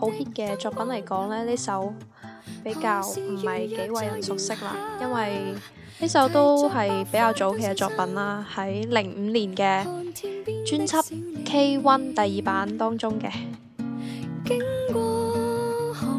好 hit 嘅作品嚟講咧，呢首比較唔係幾為人熟悉啦，因為呢首都係比較早期嘅作品啦，喺零五年嘅專輯《K One》第二版當中嘅。經過河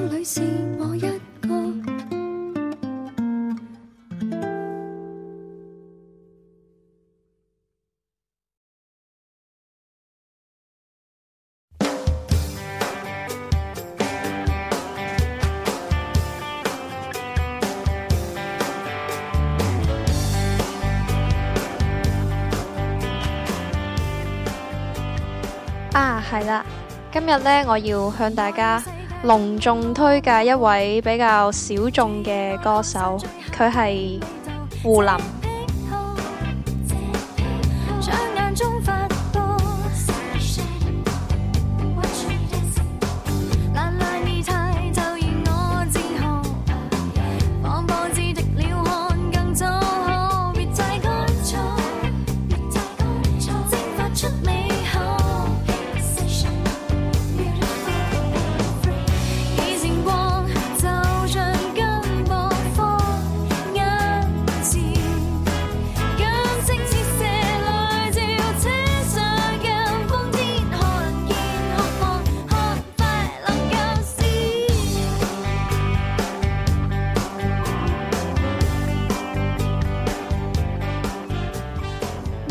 啦，今日我要向大家隆重推介一位比較小眾嘅歌手，佢係胡琳。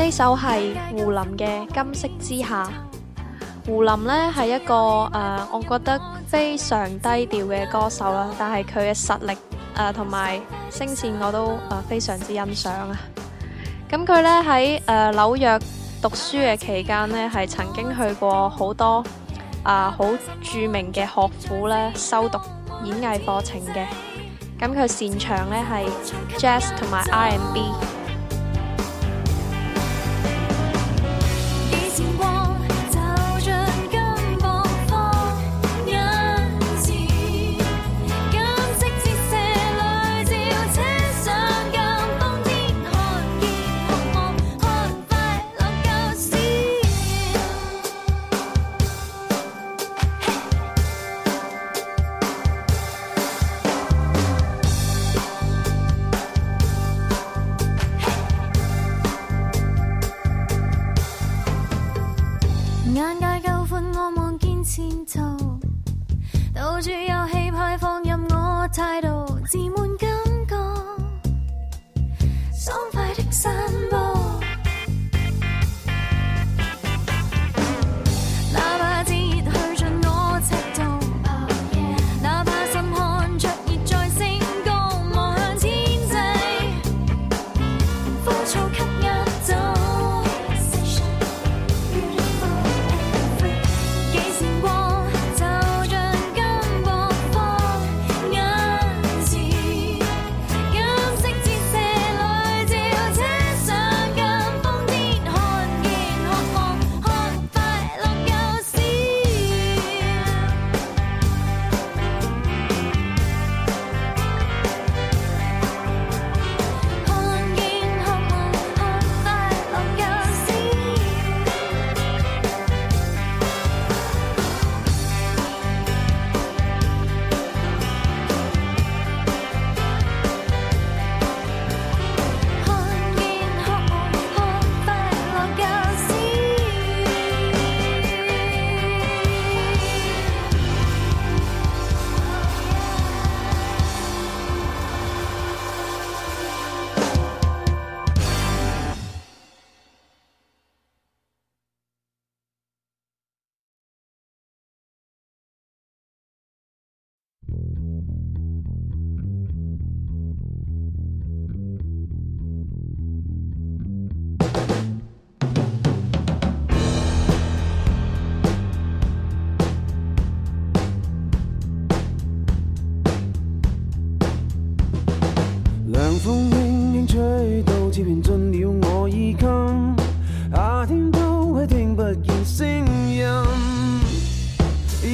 呢首係胡琳嘅《金色之夏》。胡琳呢係一個誒、呃，我覺得非常低調嘅歌手啦，但係佢嘅實力誒同埋聲線我都誒、呃、非常之欣賞啊。咁佢呢喺誒、呃、紐約讀書嘅期間呢，係曾經去過好多啊好、呃、著名嘅學府呢修讀演藝課程嘅。咁佢擅長呢係 jazz 同埋 R&B。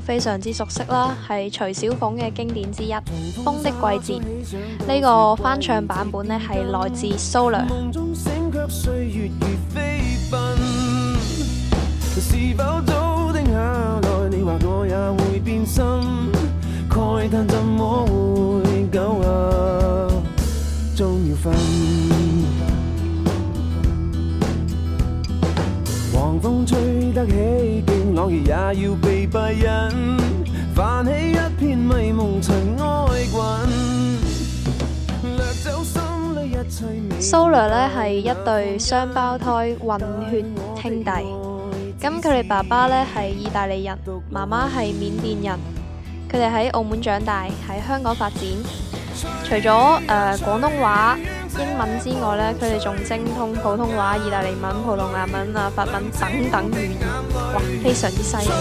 非常之熟悉啦，係徐小鳳嘅經典之一，風色《風的季節》呢個翻唱版本呢，係來自 Soler。Soler 呢係一對雙胞胎混血兄弟，咁佢哋爸爸呢係意大利人，媽媽係緬甸人，佢哋喺澳門長大，喺香港發展，除咗誒廣東話、英文之外咧，佢哋仲精通普通話、意大利文、葡萄牙文啊、法文等等語言，哇，非常之犀利。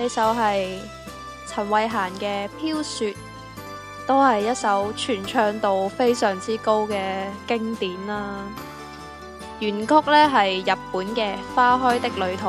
呢首係陳慧嫻嘅《飄雪》，都係一首傳唱度非常之高嘅經典啦。原曲呢係日本嘅《花開的旅途》。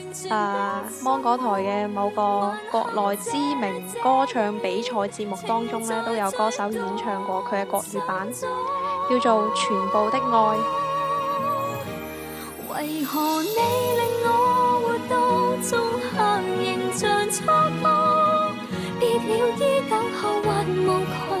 Uh, 芒果台嘅某個國內知名歌唱比賽節目當中呢，都有歌手演唱過佢嘅國語版，叫做《全部的愛》。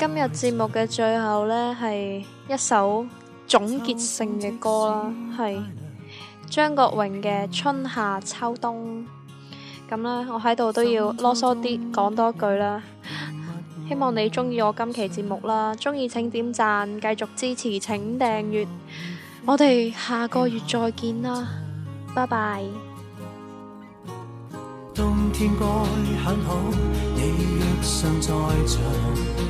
今日節目嘅最後呢，係一首總結性嘅歌啦，係張國榮嘅《春夏秋冬》。咁呢，我喺度都要囉嗦啲，講多句啦。希望你中意我今期節目啦，中意請點讚，繼續支持請訂閱。我哋下個月再見啦，拜拜。冬天該很好，你若尚在場。